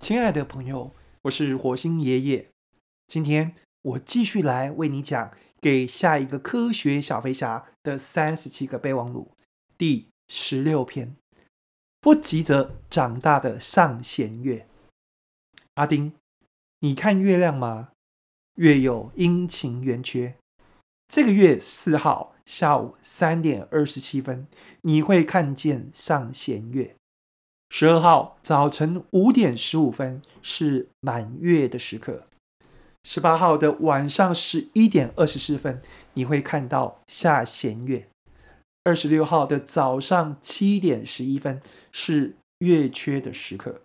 親愛的朋友，我是火星爺爺。今天我繼續來為你講《給下一個科學小飛俠的三十七個備忘錄》第十六篇：不急着長大的上弦月。阿丁，你看月亮嗎？月有陰晴圓缺。這個月四號下午三點二十七分，你會看見上弦月。十二號早晨五點十五分是滿月的時刻，十八號的晚上十一點二十四分，你會看到下弦月，二十六號的早上七點十一分是月缺的時刻。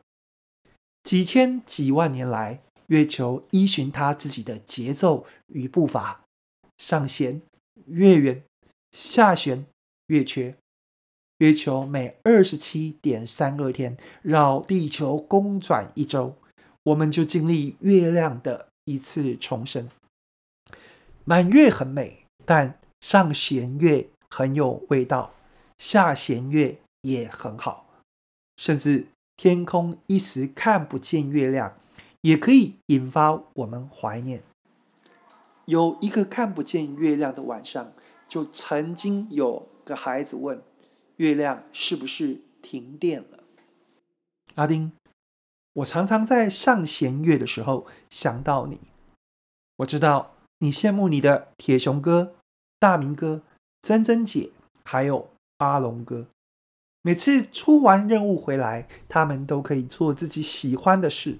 幾千幾萬年來，月球依循它自己的節奏與步伐，上弦、月圓、下弦、月缺。月球每二十七點三二天繞地球公轉一周，我們就經歷月亮的一次重生。滿月很美，但上弦月很有味道，下弦月也很好。甚至天空一時看不見月亮，也可以引發我們懷念。有一個看不見月亮的晚上，就曾經有個孩子問。月亮是不是停電了？阿丁，我常常在上弦月的時候想到你。我知道你羨慕你的鐵熊哥、大明哥、珍珍姐，還有阿龍哥。每次出完任務回來，他們都可以做自己喜歡的事：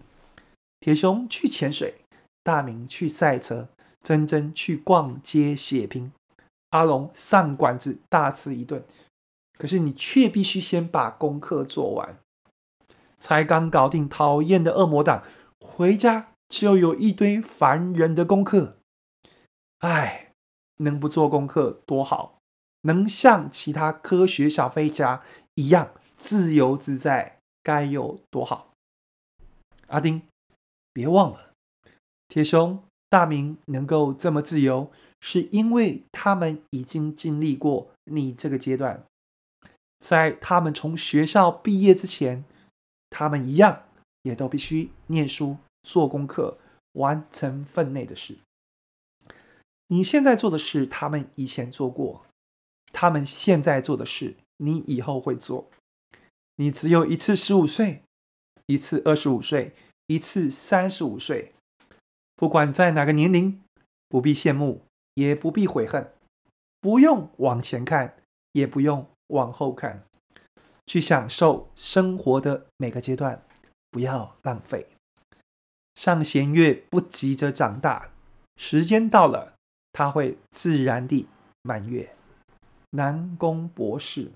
鐵熊去潛水，大明去賽車，珍珍去逛街血拼，阿龍上館子大吃一頓。可是你卻必須先把功課做完，才剛搞定討厭的惡魔黨，回家就有一堆煩人的功課。唉，能不做功課多好，能像其他科學小飛俠一樣自由自在該有多好。阿丁，別忘了，鐵熊、大明能夠這麼自由，是因為他們已經經歷過你這個階段。在他們從學校畢業之前，他們一樣也都必須念書、做功課、完成分內的事。你現在做的事，他們以前做過；他們現在做的事，你以後會做。你只有一次十五歲，一次二十五歲，一次三十五歲。不管在哪個年齡，不必羨慕，也不必悔恨，不用往前看，也不用，往後看，去享受生活的每個階段，不要浪費。上弦月不急着長大，時間到了，它會自然地滿月。南宮博士。